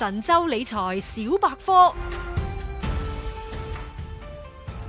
神州理財小百科。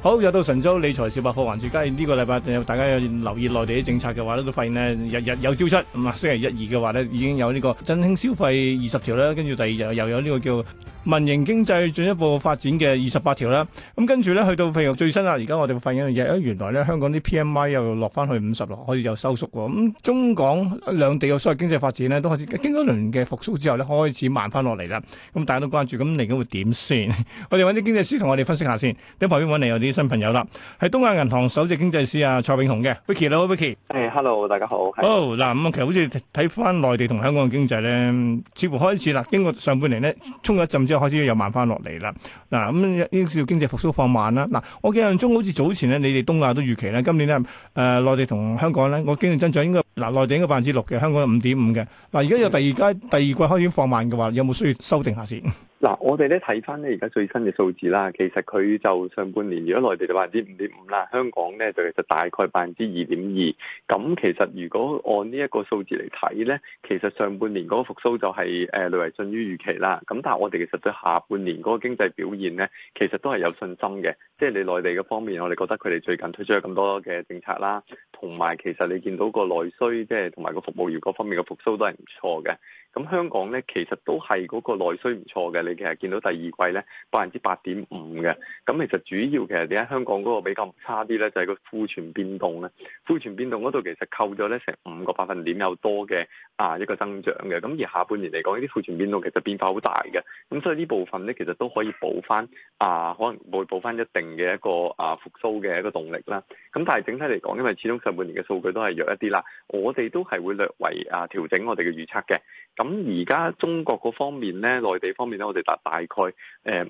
好，又到神州理財小百科環節，發現呢個禮拜大家有留意內地啲政策嘅話咧，都發現咧日日有招出咁啊。星期一二嘅話咧，已經有呢個振興消費二十條啦，跟住第二日又有呢個叫民營經濟進一步發展嘅二十八條啦。咁跟住呢，去到譬如最新啦，而家我哋會發現一樣嘢，原來呢，香港啲 PMI 又落翻去五十落，可以又收縮喎。咁、嗯、中港兩地嘅商業經濟發展呢，都開始經過一輪嘅復甦之後呢，開始慢翻落嚟啦。咁大家都關注，咁嚟緊會點先？ 我哋揾啲經濟師同我哋分析下先。啲旁邊揾有啲。新朋友啦，係東亞銀行首席經濟師啊蔡永雄嘅 Vicky，你好 Vicky。誒，Hello，大家好。好嗱、oh, 是，咁其實好似睇翻內地同香港嘅經濟咧，似乎開始啦，英國上半年咧衝咗一陣之後開始又慢翻落嚟啦。嗱、啊，咁呢個經濟復甦放慢啦。嗱、啊，我印象中好似早前咧，你哋東亞都預期咧，今年咧誒內地同香港咧，個經濟增長應該。嗱，內地嘅百分之六嘅，香港有五點五嘅。嗱，而家有第二階、嗯、第二季開始放慢嘅話，有冇需要修訂下先？嗱，我哋咧睇翻咧而家最新嘅數字啦，其實佢就上半年如果內地就百分之五點五啦，香港咧就其實大概百分之二點二。咁其實如果按呢一個數字嚟睇咧，其實上半年嗰個復甦就係誒略為遜於預期啦。咁但係我哋其實對下半年嗰個經濟表現咧，其實都係有信心嘅。即係你內地嘅方面，我哋覺得佢哋最近推出咗咁多嘅政策啦，同埋其實你見到個內對，即係同埋個服務業嗰方面嘅復甦都係唔錯嘅。咁香港呢，其實都係嗰個內需唔錯嘅。你其實見到第二季呢，百分之八點五嘅。咁其實主要其實點解香港嗰個比較差啲呢，就係個庫存變動呢。庫存變動嗰度其實扣咗呢成五個百分點有多嘅啊一個增長嘅。咁而下半年嚟講，呢啲庫存變動其實變化好大嘅。咁所以呢部分呢，其實都可以補翻啊，可能會補翻一定嘅一個啊復甦嘅一個動力啦。咁但係整體嚟講，因為始終上半年嘅數據都係弱一啲啦。我哋都係會略為啊調整我哋嘅預測嘅，咁而家中國嗰方面咧，內地方面咧，我哋達大概誒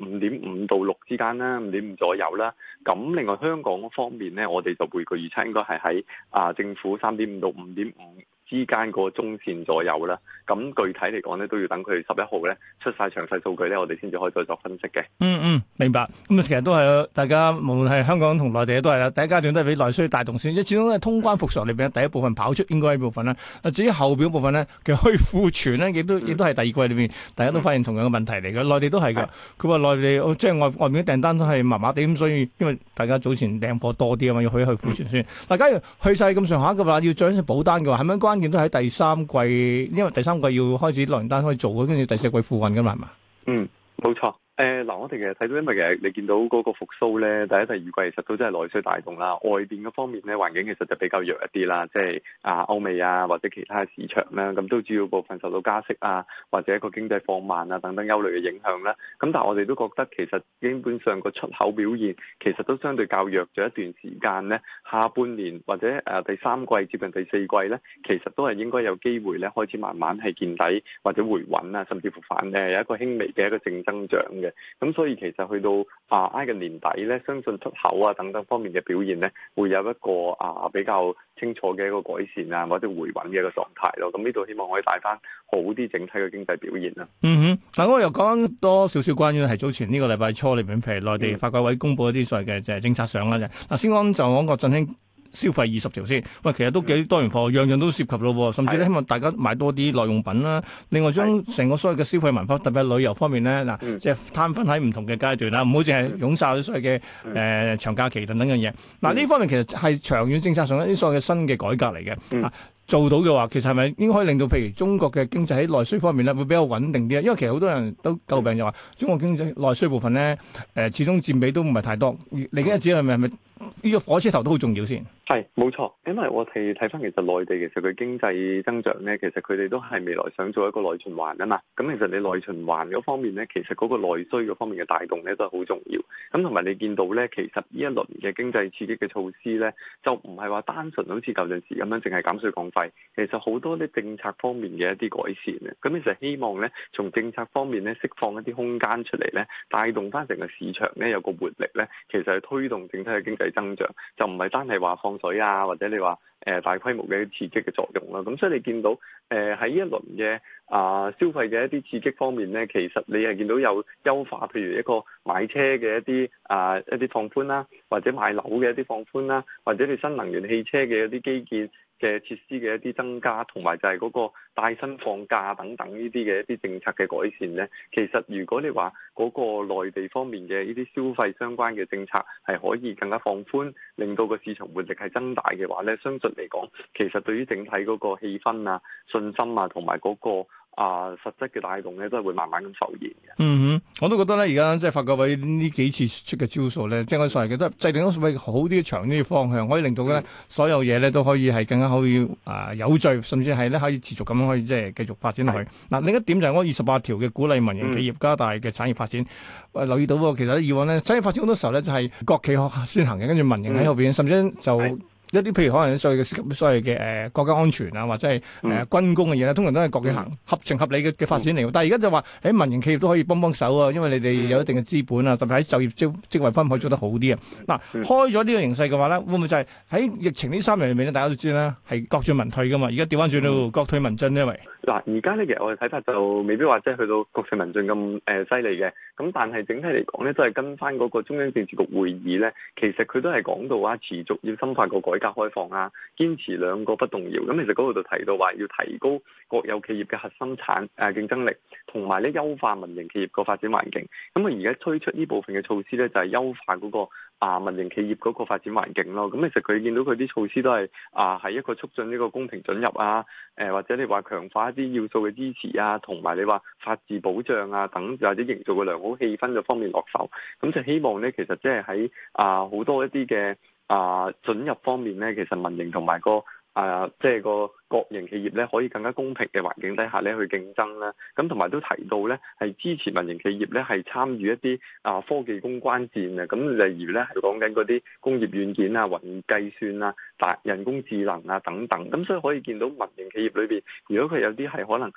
五點五到六之間啦，五點五左右啦。咁另外香港方面咧，我哋就會個預測應該係喺啊政府三點五到五點五。5. 5之間個中線左右啦，咁具體嚟講咧，都要等佢十一號咧出晒詳細數據咧，我哋先至可以再作分析嘅。嗯嗯，明白。咁啊，其實都係大家無論係香港同內地都係啦，第一階段都係俾內需帶動先，因始終都係通關復甦裏邊第一部分跑出應該一部分啦。至於後邊部分咧，其實去庫存咧，亦都亦都係第二季裏邊，大家都發現同樣嘅問題嚟嘅，內地都係噶。佢話內地即係外外面嘅訂單都係麻麻地咁，所以因為大家早前訂貨多啲啊嘛，要去去庫存先。大家如去晒咁上下嘅話，要漲保單嘅話，係咪關？都喺第三季，因為第三季要開始落單可以做嘅，跟住第四季付運噶嘛，係嘛？嗯，冇錯。誒嗱、呃，我哋其實睇到，因為其實你見到嗰個復甦咧，第一、第二季其實都真係內需帶動啦，外邊嗰方面咧，環境其實就比較弱一啲啦，即係啊歐美啊或者其他市場咧，咁都主要部分受到加息啊或者一個經濟放慢啊等等憂慮嘅影響咧。咁但係我哋都覺得其實基本上個出口表現其實都相對較弱咗一段時間咧，下半年或者誒第三季接近第四季咧，其實都係應該有機會咧，開始慢慢係見底或者回穩啊，甚至乎反誒有一個輕微嘅一個正增長嘅。咁所以其實去到啊挨近年底咧，相信出口啊等等方面嘅表現咧，會有一個啊比較清楚嘅一個改善啊，或者回穩嘅一個狀態咯。咁呢度希望可以帶翻好啲整體嘅經濟表現啦。嗯哼，嗱我又講多少少關於係早前呢個禮拜初裡面，你譬如內地發改委公布一啲所謂嘅就係政策相啦，就嗱先講就講郭振興。消費二十條先，喂，其實都幾多元貨，樣樣都涉及咯，甚至希望大家買多啲耐用品啦。另外將成個所謂嘅消費文化，特別旅遊方面咧，嗱，即係攤分喺唔同嘅階段啦，唔好淨係湧晒啲所謂嘅誒、呃、長假期等等嘅嘢。嗱，呢方面其實係長遠政策上一啲所謂嘅新嘅改革嚟嘅。做到嘅話，其實係咪應該可以令到譬如中國嘅經濟喺內需方面咧，會比較穩定啲啊？因為其實好多人都詬病就話，中國經濟內需部分咧，誒、呃、始終佔比都唔係太多。你一日指係咪係咪呢個火車頭都好重要先？係冇錯，因為我哋睇翻其實內地其實佢經濟增長咧，其實佢哋都係未來想做一個內循環啊嘛。咁其實你內循環嗰方面咧，其實嗰個內需嗰方面嘅帶動咧都係好重要。咁同埋你見到咧，其實呢一輪嘅經濟刺激嘅措施咧，就唔係話單純好似舊陣時咁樣，淨係減稅降費。其實好多啲政策方面嘅一啲改善啊，咁你就希望咧，從政策方面咧釋放一啲空間出嚟咧，帶動翻成個市場咧有個活力咧，其實係推動整體嘅經濟增長，就唔係單係話放水啊，或者你話誒、呃、大規模嘅刺激嘅作用啦。咁所以你見到誒喺、呃、一輪嘅啊、呃、消費嘅一啲刺激方面咧，其實你係見到有優化，譬如一個買車嘅一啲啊、呃、一啲放寬啦，或者買樓嘅一啲放寬啦，或者你新能源汽車嘅一啲基建。嘅設施嘅一啲增加，同埋就係嗰個帶薪放假等等呢啲嘅一啲政策嘅改善呢，其實如果你話嗰個內地方面嘅呢啲消費相關嘅政策係可以更加放寬，令到個市場活力係增大嘅話呢，相信嚟講其實對於整體嗰個氣氛啊、信心啊同埋嗰個。啊、呃，實質嘅帶動咧都係會慢慢咁復現嘅。嗯哼，我都覺得咧，而家即係發改委呢幾次出嘅招數咧，即係我睇嘅都係制定咗好啲長啲嘅方向，可以令到咧、嗯、所有嘢咧都可以係更加可以啊、呃、有序，甚至係咧可以持續咁樣可以即係繼續發展落去。嗱、嗯，另一點就係我二十八條嘅鼓勵民營企業加大嘅產業發展，嗯、留意到、哦、其實呢以往咧產業發展好多時候咧就係、是、國企先行嘅，跟住民營喺後邊，嗯、甚至就。一啲譬如可能所謂嘅所謂嘅誒國家安全啊，或者係誒軍工嘅嘢咧，通常都係國企行合情合理嘅嘅發展嚟。但係而家就話喺民營企業都可以幫幫手啊，因為你哋有一定嘅資本啊，特別喺就業職職位分配做得好啲啊。嗱，開咗呢個形勢嘅話咧，會唔會就係喺疫情呢三年入面咧，大家都知啦，係國進民退㗎嘛。而家掉返轉到國退民進，因為。嗱，而家咧其實我哋睇法就未必話即係去到國退民進咁誒犀利嘅。咁但係整體嚟講咧都係跟翻嗰個中央政治局會議咧，其實佢都係講到話持續要深化個改革開放啊，堅持兩個不動搖。咁其實嗰度就提到話要提高國有企業嘅核心產誒、啊、競爭力，同埋咧優化民營企業個發展環境。咁啊而家推出呢部分嘅措施咧，就係、是、優化嗰、那個。啊，民營企業嗰個發展環境咯，咁其實佢見到佢啲措施都係啊，係一個促進呢個公平准入啊，誒或者你話強化一啲要素嘅支持啊，同埋你話法治保障啊等，或者營造個良好氣氛嘅方面落手，咁就希望咧，其實即係喺啊好多一啲嘅啊准入方面咧，其實民營同埋個啊即係個。啊就是個國營企業咧可以更加公平嘅環境底下咧去競爭啦，咁同埋都提到咧係支持民營企業咧係參與一啲啊科技攻關戰啊，咁例如咧係講緊嗰啲工業軟件啊、雲計算啊、大人工智能啊等等，咁所以可以見到民營企業裏邊，如果佢有啲係可能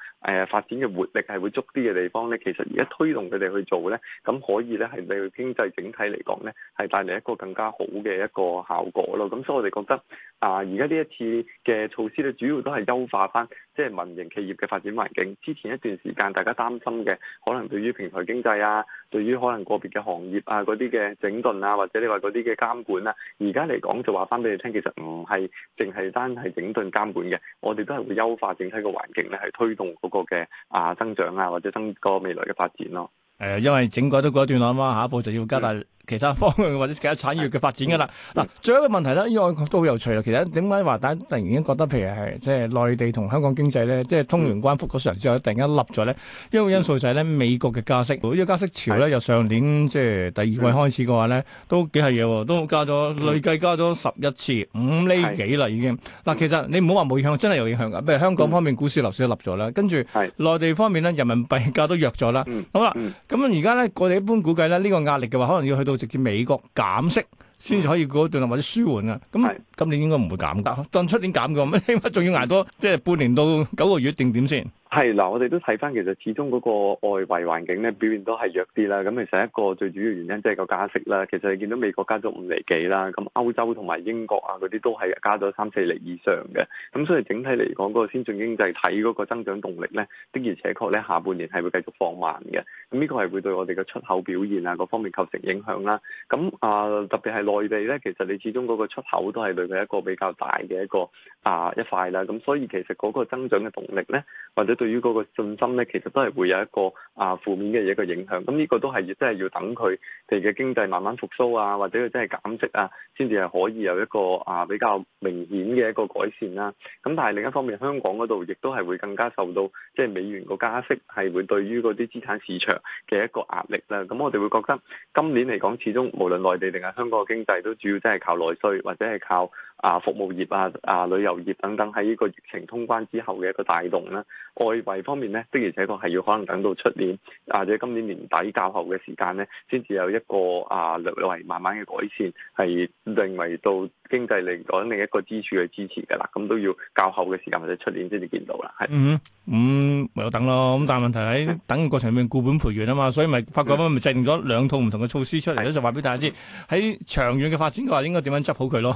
誒發展嘅活力係會足啲嘅地方咧，其實而家推動佢哋去做咧，咁可以咧係對經濟整體嚟講咧係帶嚟一個更加好嘅一個效果咯。咁所以我哋覺得啊，而家呢一次嘅措施咧主要。都係優化翻，即係民營企業嘅發展環境。之前一段時間，大家擔心嘅，可能對於平台經濟啊，對於可能個別嘅行業啊，嗰啲嘅整頓啊，或者你話嗰啲嘅監管啊，而家嚟講就話翻俾你聽，其實唔係淨係單係整頓監管嘅，我哋都係會優化整體個環境咧，係推動嗰個嘅啊增長啊，或者增個未來嘅發展咯、啊。誒，因為整改咗過一段落嘛，下一步就要加大。其他方向或者其他產業嘅發展噶啦，嗱、嗯啊，最後一個問題咧，呢個都好有趣啦。其實點解話大家突然間覺得，譬如係即係內地同香港經濟呢，即係通完關復常之後突然間立咗呢？一個因素就係咧美國嘅加息，如果個加息潮呢，是由上年即係第二季開始嘅話呢，都幾係嘢，都加咗累計加咗十一次五厘幾啦已經。嗱是、啊，其實你唔好話冇影響，真係有影響噶。譬如香港方面股市樓市都立咗啦，跟住內地方面呢，人民幣價都弱咗啦。嗯、是好啦，咁而家呢，我哋一般估計呢，呢個壓力嘅話，可能要去到。直至美國減息先至可以嗰段或者舒緩啊！咁是今年應該唔會減㗎，當出年減㗎咩？起碼仲要捱多即係半年到九個月定點先。係啦，我哋都睇翻，其實始終嗰個外圍環境咧，表現都係弱啲啦。咁其實一個最主要原因即係個加息啦。其實你見到美國加咗五厘幾啦，咁歐洲同埋英國啊嗰啲都係加咗三四厘以上嘅。咁所以整體嚟講，嗰、嗰個先進經濟體嗰個增長動力咧，的而且確咧下半年係會繼續放慢嘅。咁呢個係會對我哋嘅出口表現啊各方面構成影響啦。咁啊、呃、特別係內地咧，其實你始終嗰個出口都係對佢一個比較大嘅一個啊一塊啦。咁所以其實嗰個增長嘅動力咧，或者對對於嗰個信心咧，其實都係會有一個啊負面嘅一個影響。咁呢個都係真係要等佢哋嘅經濟慢慢復甦啊，或者佢真係減息啊，先至係可以有一個啊比較明顯嘅一個改善啦。咁但係另一方面，香港嗰度亦都係會更加受到即係美元個加息係會對於嗰啲資產市場嘅一個壓力啦。咁我哋會覺得今年嚟講，始終無論內地定係香港嘅經濟，都主要真係靠內需或者係靠啊服務業啊啊旅遊業等等喺呢個疫情通關之後嘅一個帶動啦。外圍方面咧，的而且確係要可能等到出年，或者今年年底較後嘅時間咧，先至有一個啊略略為慢慢嘅改善，係認為到。經濟嚟講，另一個支柱去支持嘅啦，咁都要較後嘅時間或者出年先至見到啦。嗯，咁唯有等咯。咁但係問題喺等嘅過程入面，固本培元啊嘛，所以咪發覺咁咪制定咗兩套唔同嘅措施出嚟咧，就話俾大家知喺長遠嘅發展嘅話，應該點樣執好佢咯。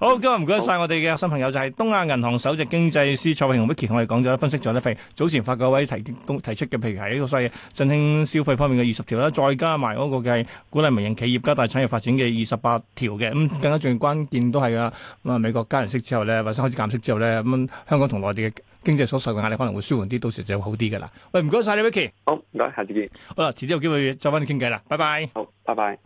好，今日唔該曬我哋嘅新朋友，就係東亞銀行首席經濟師蔡永雄博士同我哋講咗分析咗咧。譬如早前發改委提供提出嘅，譬如係呢個西振興消費方面嘅二十條啦，再加埋嗰個嘅鼓勵民營企業加大產業發展嘅二十八條嘅，咁更加重要關鍵。都係噶，咁、嗯、啊美國加完息之後咧，或者開始減息之後咧，咁、嗯、香港同內地嘅經濟所受嘅壓力可能會舒緩啲，到時就會好啲噶啦。喂，唔該晒你，Vicky。好，唔該，下次見。好啦，遲啲有機會再翻嚟傾偈啦，拜拜。好，拜拜。